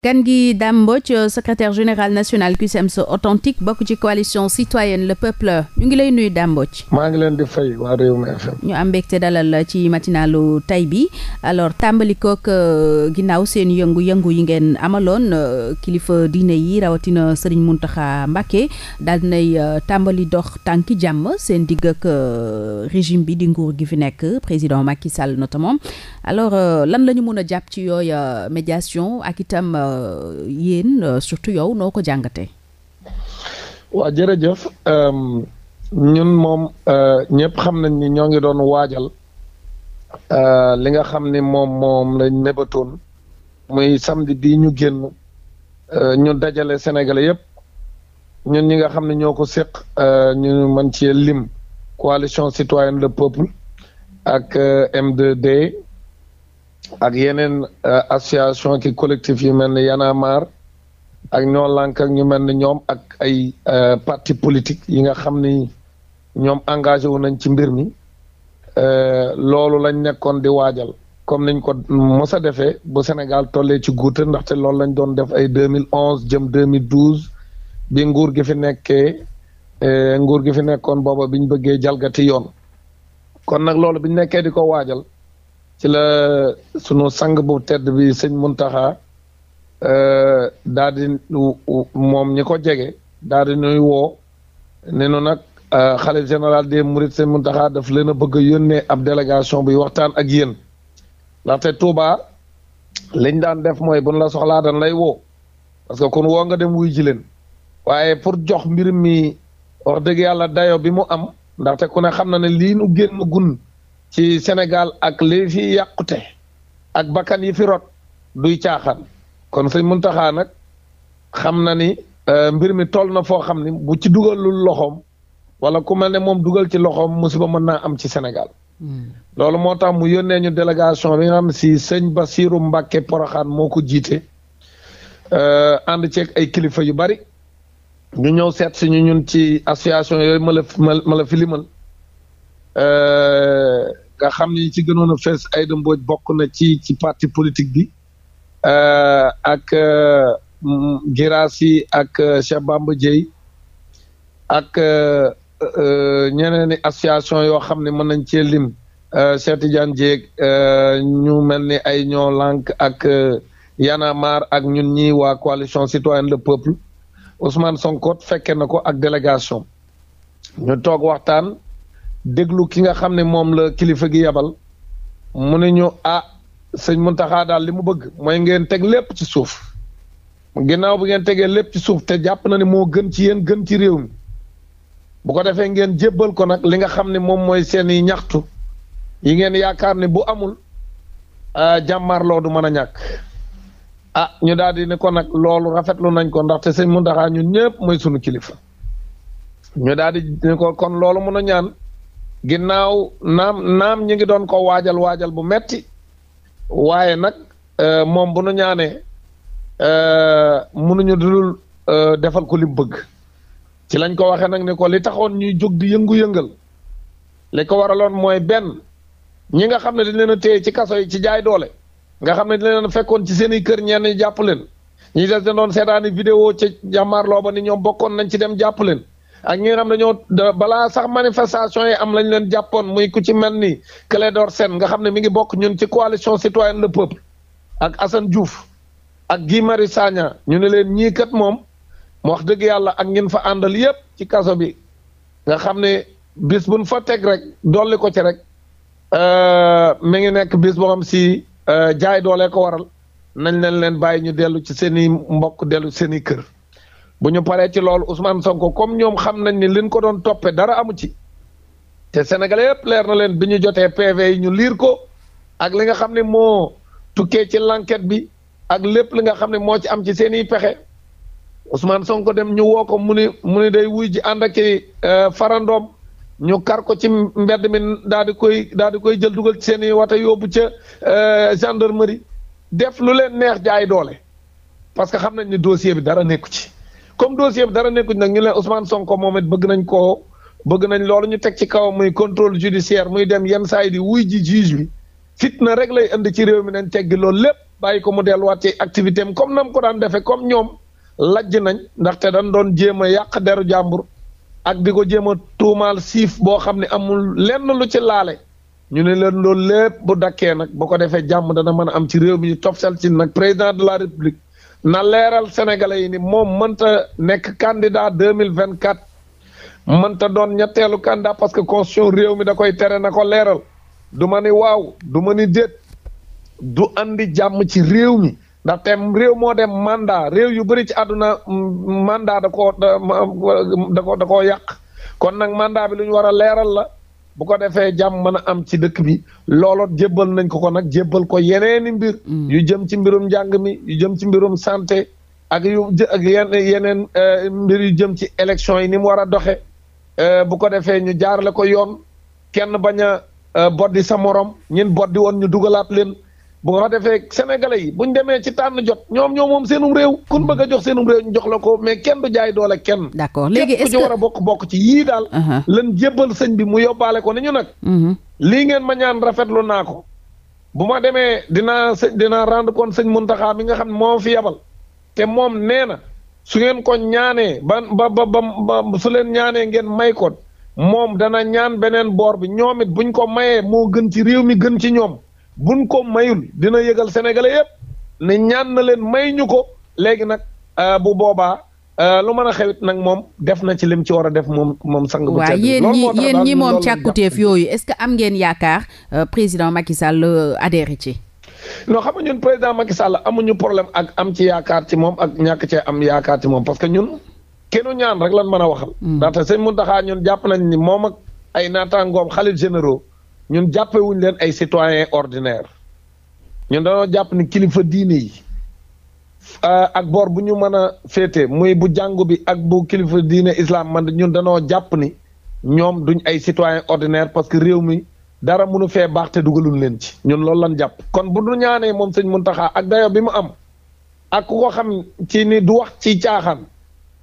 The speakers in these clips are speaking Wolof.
gan gi Dame Mbodj général national CUSEMS authentique bokk ci coalition citoyenne le peuple ñu ngi lay nuyu Dame Mbodj maa ngi leen di fay waa Rewmi FM ñu am mbégte dalal ci matinalu tay bi alors tàmbali kook euh, ginnaaw seen yëngu-yëngu yi ngeen amaloon euh, kilifa diine yi rawatina Serigne Mountakha Mbacké dal dinay euh, tàmbali dox tànki jàmm seen digg ak régime bi di nguur gi fi nekk président Macky Sall notamment alors lan lañu ñu a jàpp ci yooyu médiation yéen euh, surtout yow noo ko jàngatee. waa jërëjëf euh, ñun moom euh, ñëpp xam nañ ni ñoo ngi doon waajal li nga xam ni moom moom lañ mébatoon muy samedi bii ñu génn ñu dajale Sénégalais yëpp ñun ñi nga xam ne ñoo ko séq ñu mën cee lim coalition citoyenne de peuple ak m 2 ak yeneen euh, association ki collectif yi mel ni Y'en ak ñoo lànk ak ñu mel ni ñoom ak ay euh, parti politique yi nga xam ni ñoom engagé wu nañ ci mbir mi euh, loolu lañ nekkoon di waajal comme niñ ko mos a defee bu Sénégal tollee ci guute ndaxte loolu lañ doon def ay deux 2011 jëm 2012 bi nguur gi fi nekkee nguur gi fi nekkoon booba biñ bëggee jalgati yoon kon nag loolu biñ nekkee di ko waajal ci la sunu sang bu tedd bi sëñ mun euh, daa di moom ñi ko jege daa di nuy woo ne nu nag euh, xalif général des Mourides sëñ Muntaxa daf leen a bëgg a yónnee ab délégation bi waxtaan ak yéen ndaxte Touba liñ daan def mooy buñ la soxlaa dañ lay woo parce que kon woo nga dem wuy ji leen waaye pour jox mbir mi wax dëgg yàlla dayo bi mu am ndaxte ku ne xam na ne lii nu génn gun ci Sénégal ak li fi yàqute ak bakkan yi fi rot duy caaxaan kon sëñ Muntaxa nag xam na ni euh, mbir mi toll na foo xam ni bu ci dugalul loxoom wala ku mel ne moom dugal ci loxoom musiba mën naa am ci Sénégal hmm. loolu moo tax mu yónnee ñu délégation bi nga xam si sëñ Basiiru Mbàkke Poroxaan moo ko jiite euh, ànd ceeg ay kilifa yu bari ñu ñëw seet si ñu ñun ci association yooyu mala la ma filimal euh, nga xam ne ci gënoon a fees Aïda Mbodj bokk na ci ci parti politique bi euh, ak euh, Girassi ak euh, Cheikh Bamba Dièye ak ñeneen i association yoo xam ne mën nañ cee lim Cheikh Tidiane Dièye ñu mel ni ay ñoo lànk ak Y'en a ak ñun ñi waa coalition citoyenne le peuple Ousmane Sonko fekkee na ko ak délégation ñu toog waxtaan déglu ki nga xam ne moom la kilifa gi yabal mu ne ñu ah sëñ Muntaxa daal li mu bëgg mooy ngeen teg lépp ci suuf ginnaaw bi ngeen tege lépp ci suuf te jàpp na ne moo gën ci yéen gën ci réew mi bu ko defee ngeen jébbal ko nag li nga xam ne moom mooy seeni ñaxtu yi ngeen yaakaar ne bu amul jàmmaarloo du mën a ñàkk ah ñu daal di ne ko nag loolu rafetlu nañ ko ndaxte sëñ Muntaxa ñëpp mooy sunu kilifa ñu ko kon loolu mën a ñaan ginnaaw naam naam ñu ngi doon ko waajal waajal bu metti waaye nag euh, moom bu nu ñaanee euh, mënuñu dul euh, defal ko lim bëgg ci lañ ko waxe nag ni ko li taxoon ñuy jóg di yëngu-yëngal li ko waraloon mooy benn ñi nga xam ne dañ leen a téye ci kaso yi ci jaay doole nga xam ne dañ leen a fekkoon ci seen i kër ñenn jàpp leen ñi des da doon seetaani vidéo ci jàmmaarloo ba ni ñoom bokkoon nañ ci dem jàpp leen ak ñi nga xam dañoo balaa sax manifestation yi am lañ leen jàppoon muy ku ci mel ni Clédor seen nga xam ne mu ngi bokk ñun ci coalition citoyenne le peuple ak Assane Diouf ak Guy Marius ñu ne leen ñii kat moom mu wax dëgg yàlla ak ngeen fa àndal yépp ci kaso bi nga xam ne bis buñ fa teg rek dolli ko ci rek euh, mi ngi nekk bis boo xam si euh, jaay doolee ko waral nañ leen leen bàyyi ñu dellu ci seen i mbokk dellu seen i kër bu ñu paree ci loolu Ousmane Sonko comme ñoom xam nañ ni liñ ko doon toppee dara amu ci te Sénégalais yëpp leer na leen bi ñu jotee PV yi ñu liir ko ak li nga xam ne moo tukkee ci l'enquête bi ak lépp li nga xam ne moo ci am ci seeni pexe Ousmane Sonko dem ñu woo ko mu ni mu ni day wuy ji ànd ak ci euh, farandoom ñu kar ko ci mbedd mi daal di koy daal di koy jël dugal ci seeni wata yóbbu ca euh, gendarmerie def lu leen neex jaay doole parce que xam nañ ni dossier bi dara nekku ci comme dossier dara nekkuñ nag ñu leen Ousmane Sonko moom it bëgg nañ koo bëgg nañ loolu ñu teg ci kaw muy contrôle judiciaire muy dem yenn saa yi di wuy ji juge bi fitna rek lay indi ci réew mi nañ teggi loolu lépp bàyyi ko mu delluwaat ci activité am comme nam ko daan defee comme ñoom lajj nañ ndaxte dañ doon jéem a yàq deru jàmbur ak di ko jéem a tuumaal siif boo xam ne amul lenn lu ci laale ñu ne leen loolu lépp bu dakkee nag bu ko defee jàmm dana mën a am ci réew mi ñu topsal ci nag président de la république na leeral sénégalais yi ni moom mënta nekk candidat deux mille vingt quatre mënta doon ñetteelu candidat parce que constitution réew mi da koy tere na ko leeral du ma ni waaw du ma ni déet du andi jàmm ci réew mi ndaxte réew moo dem mandat réew yu bëri ci àdduna mandat da koo da ko koo yàq kon nag mandat bi lu ñu war a leeral la bu ko defee jàmm mën a am ci dëkk bi looloo jébbal nañ ko ko nag jébbal ko yeneeni mbir mm. yu jëm ci mbirum njàng mi yu jëm ci mbirum santé ak yu ak yeneen e, mbir yu jëm ci élection yi ni mu war a doxe e, bu ko defee ñu jaarale ko yoon kenn bañ a e, boddi sa morom ñin boddi woon ñu dugalaat leen bu ko defee sénégalais yi buñ demee ci tànn jot ñoom ñoo moom seenum réew kun bëgg a jox seenum réew ñu jox la ko mais kenn du jaay doole kenn d'accord léegi est-ce war a bokk bokk ci yii daal uh-huh. lan jébbal sëñ bi mu yóbbaale ko ni ñu nag mm-hmm. lii ngeen ma ñaan rafetlu naa ko bu ma demee dina sëñ dinaa rendre compte sëñ mun Muntaxa mi nga xam ne moo fi yabal te moom nee na su ngeen kon ñaanee ba ba ba ba su leen ñaanee ngeen may ko moom dana ñaan beneen boor bi ñoomit it buñ ko mayee moo gën ci réew mi gën ci ñoom buñ ko mayul dina yëgal sénégalais yépp ne ñaan na leen may ñu ko léegi nag euh, bu boobaa euh, lu mën a xewit nag moom def na ci lim ci war a def moom moom sang bu waaw yéen ñi yéen ñi moom càkkutéef yooyu est-ce que am ngeen yaakaar euh, président Macky Sall adhéré ci non xam nga ñun président Macky Sall amuñu problème ak am ci yaakaar ci moom ak ñàkk cee am yaakaar ci moom parce que ñun kennu ñaan rek lan mën a waxal hmm. ndaxte sëñ Mountakha ñun jàpp nañ ni moom ak ay naataangoom xalit généraux ñun jàppewuñ leen ay citoyen ordinaire ñun dañoo jàpp ni kilifa diine yi euh, ak boor bu ñu mën a féete muy bu jàngu bi ak bu kilifa diine islam man ñun dañoo jàpp ni ñoom duñ ay citoyen ordinaire parce que réew mi dara mënu fee baax te dugalul leen ci ñun loolu lan jàpp kon bu du ñaanee moom sëñ Muntaxa ak dayo bi mu am ak ku ko xam ci ni du wax ci caaxaan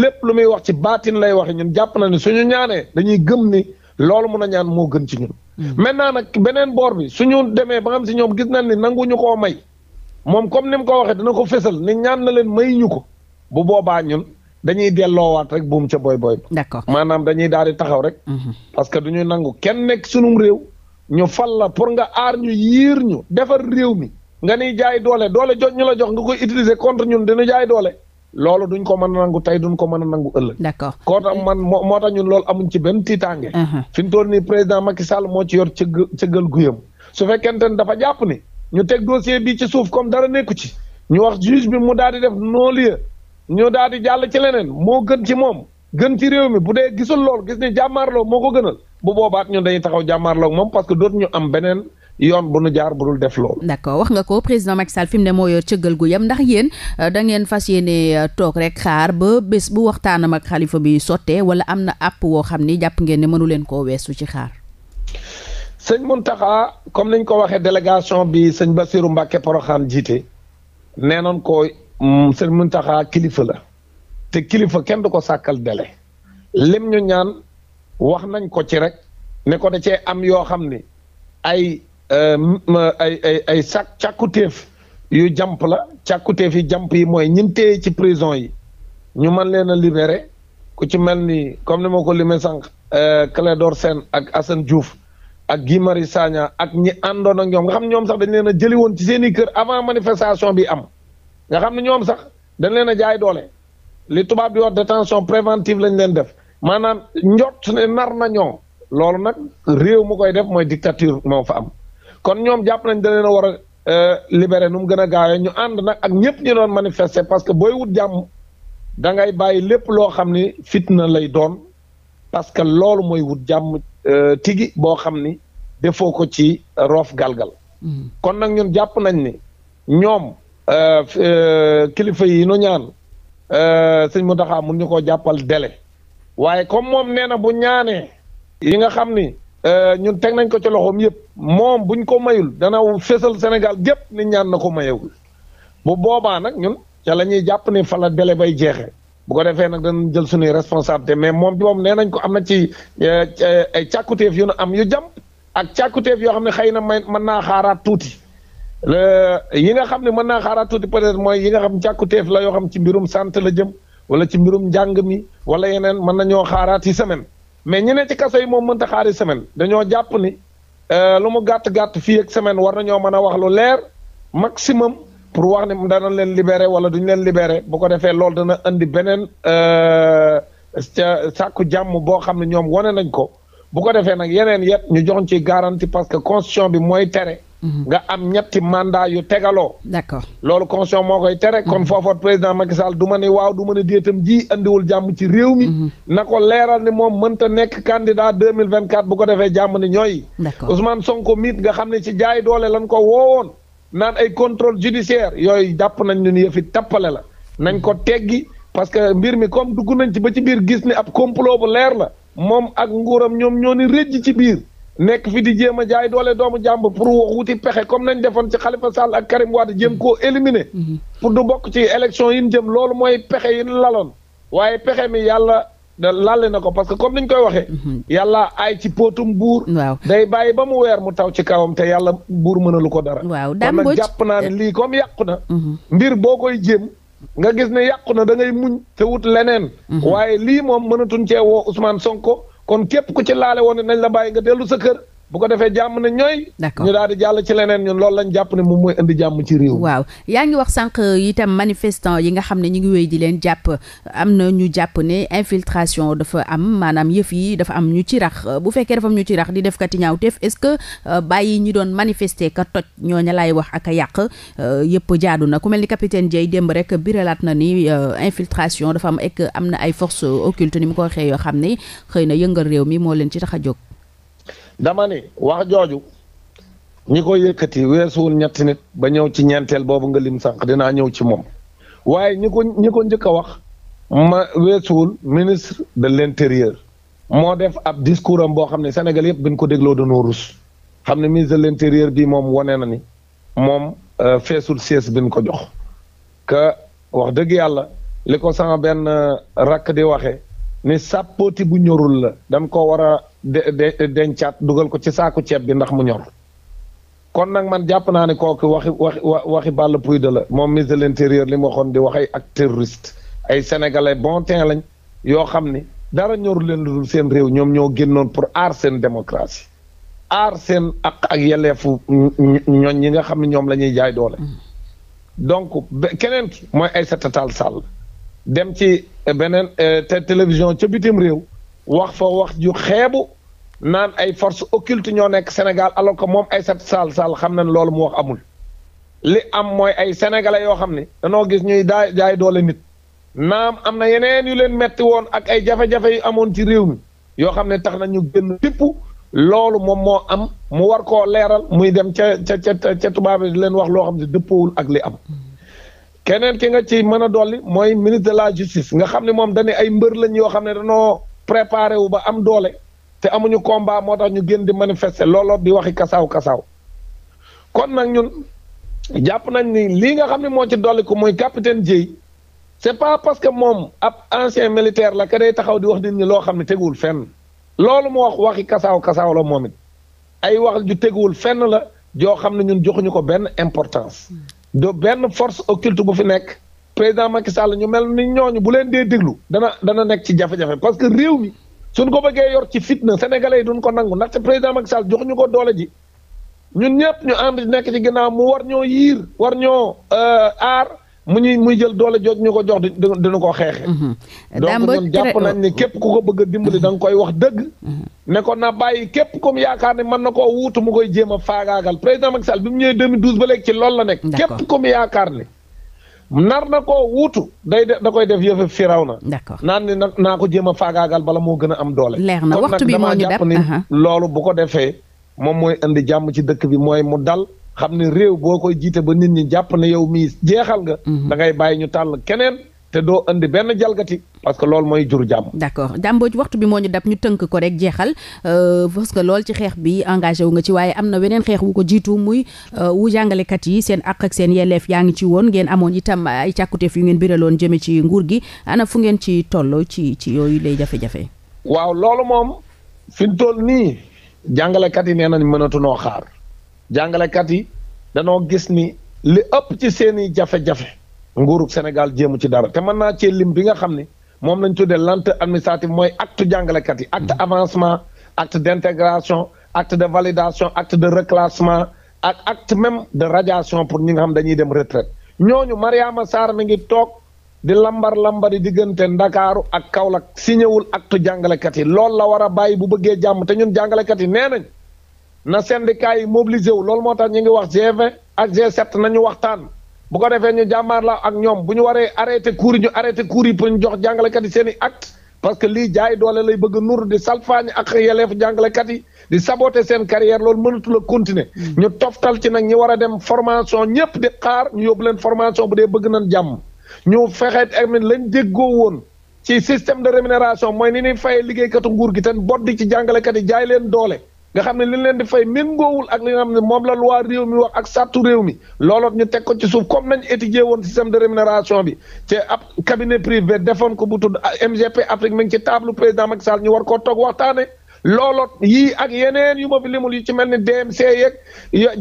lépp lu muy wax ci baatin lay waxe ñun jàpp na ne suñu ñaanee dañuy gëm ni loolu mun a ñaan moo gën ci ñun Mm-hmm. maintenant nag beneen boor bi suñu demee ba nga xam si ñoom gis nañ ni ñu ko may moom comme ni mu ko waxee dina ko fésal ni ñaan na leen mayuñu ko bu boobaa ñun dañuy delloowaat rek buum ca boy boy ba. d'accord maanaam dañuy daal di taxaw rek. Mm-hmm. parce que du ñu nangu kenn nekk sunum réew. ñu fal la pour nga aar ñu yiir ñu defar réew mi nga ni jaay doole doole jot ñu la jox nga koy utiliser contre ñun dina jaay doole. loolu duñ ko mën a nangu tey duñ ko mën a nangu ëllëg. d'accord koo tax man moo moo tax ñun loolu amuñ ci benn tiitaange. Uh-huh. fi mu toll nii président Macky Sall moo ci yor cëgg cëggal guyam su fekkente ne dafa jàpp ni ñu teg dossier bi ci suuf comme dara nekku ci ñu wax juge bi mu daal di def non lieu ñu daal di jàll ci leneen moo gën ci moom gën ci réew mi bu dee gisul lool gis ni jàmmaarloo moo ko gënal bu boobaat ñun dañuy taxaw jàmmaarloo moom parce que ñu am beneen. yoon bu nu jaar budul def loolu. d'accord wax nga ko président Macky Sall fi mu ne mooyoo yor cëggal gu yam ndax yéen euh, da ngeen fas yéene euh, toog rek xaar ba bés bu waxtaanam ak xalifa bi sotte wala am na àpp woo xam ni jàpp ngeen ne mënu leen koo weesu ci xaar. sëñ Mountakha comme niñ ko waxee délégation bi sëñ Bassirou Mbacké Porokhane jiite nee noon ko mm, sëñ Mountakha kilifa la te kilifa kenn du ko sàkkal délai lim ñu ñaan wax nañ ko ci rek ne ko da cee am yoo xam ni Euh, ay ay ay sàkk càkkutéef yu jàmp la càkkutéef yi jàmp yi mooy ñin téye ci prison yi ñu mën leen a libéré ku ci mel ni comme ni ma ko limee sànq euh, Clédor Sène ak Assane Diouf ak Guy Marius Sagna ak ñi àndoon ak ñoom nga xam ne ñoom sax dañ leen a jëli woon ci seen i kër avant manifestation bi am nga xam ne ñoom sax dañ leen a jaay doole li tubaab di wax détention préventive lañ leen def maanaam njot ne nar na ñoo loolu nag réew mu koy def mooy dictature moo fa am kon ñoom jàpp nañ da leen wara war a euh, libéré nu mu gën a gaawee ñu ànd nag ak ñëpp ñu doon manifester parce que booy wut jàmm da ngay bàyyi lépp loo xam ni fitna lay doon parce que loolu mooy wut jàmm euh, tigi boo xam ni defoo ko ci roof galgal mm-hmm. kon nag ñun jàpp nañ ni ñoom euh, kilifa yi nu ñaan sëñ Mountakha mun ñu koo jàppal délai waaye comme moom nee na bu ñaanee yi nga xam ni Euh, ñun teg nañ ko ci loxoom yëpp moom buñ ko mayul dana fésal Sénégal gépp ni ñaan na ko mayewul bu boobaa nag ñun ca la ñuy jàpp ni fa la délai bay jeexee bu ko defee nag dañ jël suñuy responsabilité mais moom ci moom nee nañ ko am na ci euh, ay càkkutéef yu nu am yu jàmm ak càkkutéef yoo xam ne xëy na may mën naa xaaraat tuuti yi nga xam ne mën naa xaaraat tuuti peut-être mooy yi nga xam càkkutéef la yoo xam ci mbirum santé la jëm wala ci mbirum njàng mi wala yeneen mën nañoo xaaraat yi semaine mais ñeneen ci kaso yi moom ta xaari semaine dañoo jàpp ni euh, lu mu gàtt gàtt fii ak semaine war nañoo mën a wax lu leer maximum pour wax ni dana leen libéré wala duñu leen libéré bu ko defee loolu dana indi beneen euh, sàkku jàmm boo xam ne ñoom wane nañ ko bu ko defee nag yeneen yet ñu jox ci garantie parce que constitution bi mooy tere. Mhm. nga am ñetti mandat yu tegaloo. d'accord loolu constitution moo koy tere. kon mhm. foofa président Macky Sall du ma ne waaw du ma ne déetam ji andiwul jàmm ci réew mi. Mhm. na ko leeral ni moom mënta nekk candidat deux mille vingt quatre bu ko defee jàmm ni ñooy. d'accord Ousmane Sonko miit nga xam ne ci jaay doole lan ko woo woon naan ay contrôle judiciaire yooyu jàpp nañ ñu ni yëfi tappale la nañ ko teggi parce que mbir mi comme dugg nañ ci ba ci biir gis ni ab complot bu leer la moom ak nguuram ñoom ñoo ni rëjj ci biir. nekk fi di jéem a jaay doole doomu jàmbur pour wax wuti pexe comme nañ defoon ci Khalifa Sall ak Karim Wade jéem ko éliminer. Mhm. pour du bokk ci élection yi ñu jëm loolu mooy pexe yi ñu laloon waaye pexe mi yàlla. da laale na ko parce que comme ni ñu koy waxee. Mhm. yàlla ay ci pootum buur. waaw day bàyyi ba mu weer mu taw ci kawam te yàlla buur mënalu ko dara. waaw daan nag jàpp naa ne eh. lii comme yàqu na. Mhm. mbir boo koy jéem. nga gis ne yàqu na da ngay muñ. te wut leneen. waaye lii moom mënatuñ cee woo Ousmane Sonko. kon képp ku ci laale woon nañ la bàyyi nga dellu sa kër bu ko defee jàmm ne ñooy. d'accord ñu daal jàll ci leneen ñun loolu lañ jàpp ne moom mooy indi jàmm ci réew waaw yaa ngi wax sànq euh, itam manifestant yi nga xam ne ñu ngi wéy ji leen jàpp am na ñu jàpp ne infiltration dafa am maanaam yëf yi dafa am ñu ci rax euh, bu fekkee dafa ñu ci rax di def kati ñaawteef est-ce que euh, bàyyi ñi doon manifester ka toj ñooña laay wax ak a yàq yëpp jaadu na ku ni capitaine Dieye démb rek biralaat na ni infiltration dafa am ek am na ay forces occultes ni mu ko waxee yoo xam ne xëy na yëngal réew mi moo leen ci tax a jóg. dama wax jooju ñi ko yëkkati weesuwul ñetti nit ba ñëw ci ñeenteel boobu nga lim sànq dinaa ñëw ci moom waaye ñi ko ñi ko njëkk a wax ma weesuwul ministre de l'intérieur moo def ab discours am boo xam ne Sénégal yëpp bi ko déglo dañoo rus xam ne ministre de l'intérieur bi moom wane na ni moom euh, feesul siège bi ko jox que wax dëgg yàlla li ko sama benn euh, rakk di waxee ne sàppooti bu ñorul la dañ ko war a de dencaat dugal ko ci saaku ceeb bi ndax mu ñor kon nag man jàpp naa ne kooku waxi waxi waxi Balla Pouye de la moom ministre de l'intérieur li mu waxoon di wax ak terroriste ay sénégalais bon temps lañ yoo xam ni dara ñorul leen lu seen réew ñoom ñoo génnoon pour aar seen démocratie aar seen ak ak yelleefu ñoñ ñi nga xam ne ñoom lañuy jaay doole mm. donc keneen ki mooy Aïssata Tall Sall dem ci eh, beneen eh, te télévision ca bitim réew wax fa wax ju xeebu naan ay force occulte ñoo nekk Sénégal alors que ay sat Tall Sall xam nañ loolu mu wax amul li am mooy ay sénégalais yoo xam ne danoo gis ñuy daay jaay doole nit naam am na yeneen yu leen metti woon ak ay jafe-jafe yu amoon ci réew mi yoo xam ne tax nañu ñu gën tipp loolu moom moo am mu war koo leeral muy dem ca ca ca ca tubaab di leen wax loo xam ne dëppoowul ak li am keneen ki nga ci mën a dolli mooy ministre de la justice nga xam ne moom dañ ay mbër lañ yoo xam ne dañoo préparé wu ba am doole te amuñu combat moo tax ñu génn di manifester looloo di waxi kasaaw kasaaw kon nag ñun jàpp nañ ni lii nga xam ne moo ci dolli ko mooy capitaine Dièye c'est pas parce que moom ab ancien militaire la que day taxaw di wax nit ñi loo xam ne teguwul fenn loolu mu wax waxi kasaaw kasaaw la moom it ay wax ju teguwul fenn la joo xam ne ñun joxuñu ko benn importance. do benn force occulte bu fi nekk président Macky Sall ñu mel ni ñooñu bu leen dee déglu dana dana nekk ci jafe-jafe parce que réew mi suñ ko bëggee yor ci fitna sénégalais yi duñ ko nangu ci président Macky Sall jox ñu ko doole ji ñun ñëpp ñu ànd nekk ci ginnaaw mu war ñoo yiir war ñoo euh, aar. mu ñuy muy jël doole jooj ñu ko jox di diñu ko xeexe mhm. donc ñun jàpp nañ ni képp ku ko bëgg a dimbali da koy wax dëgg mhm. ne na bàyyi képp comme yaakaar ne mën na koo wuutu mu koy jéem a faagaagal président Macky Sall bi mu ñëwee 2012 ba léegi ci loolu la nekk képp comme yaakaar ne nar koo wuutu day de da koy def yëfe firaw na d'accord naan ni nag naa ko jéem a faagaagal bala moo gën a am doole leer na waxtu bi moo ñu dab kon nag damaa jàpp ni uh-huh. loolu bu ko defee moom mooy indi jàmm ci dëkk bi mooy mu dal xam ne réew boo koy jiite ba nit ñi jàpp ne yow mii jeexal nga. Mhm. da ngay bàyyi ñu tànn keneen. te doo indi benn jalgati parce que loolu mooy jur jàmm. d'accord Dame waxtu bi moo ñu dab ñu tënk ko rek jeexal euh, parce que loolu ci xeex bi engagé wu nga ci waaye am na weneen xeex wu ko jiitu muy euh, wu jàngalekat yi seen àq ak seen yelleef yaa ngi ci woon ngeen amoon itam ay càkkuteef yu ngeen biraloon jëme ci nguur gi ana fu ngeen ci tolloo ci ci yooyu lay jafe-jafe. waaw loolu moom fi mu toll nii jàngalekat yi nee nañ mënatunoo xaar. jàngalekat yi danoo gis ni li ëpp ci seeni jafe-jafe nguurug Sénégal jéemu ci dara te mën naa cee lim bi nga xam ni moom lañu lañ tuddee lenteur administrative mooy acte jàngalekat yi acte avancement acte d'intégration acte de validation acte de reclassement ak acte même de radiation pour ñi nga xam dañuy dem retraite ñooñu Mariama Sarr mi ngi toog di lambar lambari diggante Ndakaaru ak Kaolack signéwul acte jàngalekat yi loolu la war a bàyyi bu bëggee jàmm te ñun jàngalekat yi nee nañ na syndicat yi mobilisé wu loolu moo tax ñu ngi wax G20 ak G7 nañu waxtaan bu ko defee ñu jàmmaar la ak ñoom bu ñu waree arrêté cours ñu arrêté cours yi pour ñu jox jàngalekat yi seeni i parce que lii jaay doole lay bëgg nur di salfaañ ak yeleefu jàngalekat yi di saboter seen carrière lool mënatu la continuer hmm. ñu toftal ci nag ñi war a dem formation ñëpp di xaar ñu yóbbu leen formation bu dee bëgg nañ jàmm ñu fexe tamit leen déggoo woon ci système de rémunération mooy ni ñuy fayee liggéeykatu nguur gi ten bot di ci jàngalekat yi jaay leen doole nga xam ne li leen di fay méngoowul ak li nga xam ne moom la loi mi wax ak sàrtu réew mi looloot ñu teg ko ci suuf comme nañ étudier woon système de rémunération bi ci ab cabinet privé defoon ko bu tudd MGP Afrique mi ngi ci table président ma Sall ñu war ko toog waxtaane loolot yii ak yeneen yu ma fi limul yi ci mel ni DMC yeeg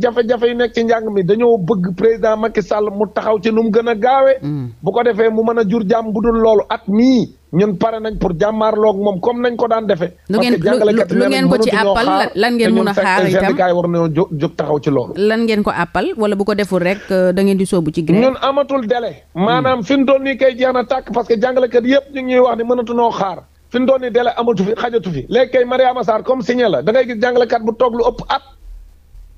jafe-jafe yi nekk ci njàng mi dañoo bëgg président Macky Sall mu taxaw ci nu mu gën a gaawee. Mm. bu ko defee mu mën a jur jàmm bu dul loolu at mii ñun pare nañ pour jàmmaar jàmmaarloog moom comme nañ ko daan defee. parce que jàngalekat lu ngeen ko ci àppal lan ngeen mun a xaar itam war nañoo jóg taxaw ci loolu. lan ngeen ko àppal wala bu ko deful rek euh, da ngeen di soobu ci grève. ñun amatul délai. maanaam mm. fi mu toll nii kay jeex na tàkk parce que jàngalekat yëpp ñu ngi wax ni mënatunoo xaar fi mu doon nii délai amatu fi xajatu fi léegi kay Mariama Sarr comme signé la da ngay gis jàngalekat bu toog lu ëpp at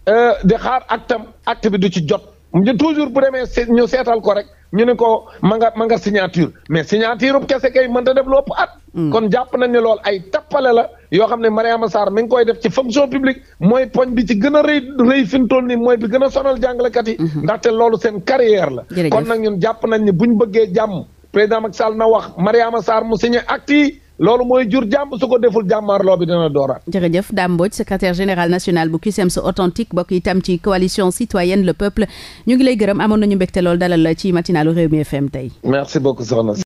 euh, di xaar actam acte bi du ci jot ñu toujours bu demee ñu seetal ko rek ñu ne ko ma nga ma nga signature mais signature bu kese kay mënta def lu ëpp at. Mm. kon jàpp nañ ne loolu ay tappale la yoo xam ne Mariama Sarr mi ngi koy def ci fonction publique mooy poñ bi ci gën a rëy rëy fi mu toll nii mooy bi gën a sonal jàngalekat yi. Mm-hmm. ndaxte loolu seen carrière la. kon nag ñun jàpp nañ ne bu ñu bëggee jàmm président Macky na wax Mariama Sarr mu signé acte yi. loolu mooy jur jàmm su ko deful jàmmaarloo bi dina dooraat. jërëjëf Dame Mbodj secrétaire général national bu CUSEMS authentique bokk itam ci coalition citoyenne le peuple ñu ngi lay gërëm amoon nañu mbégte lool dalal ci matinalu Rewmi FM tey. merci beaucoup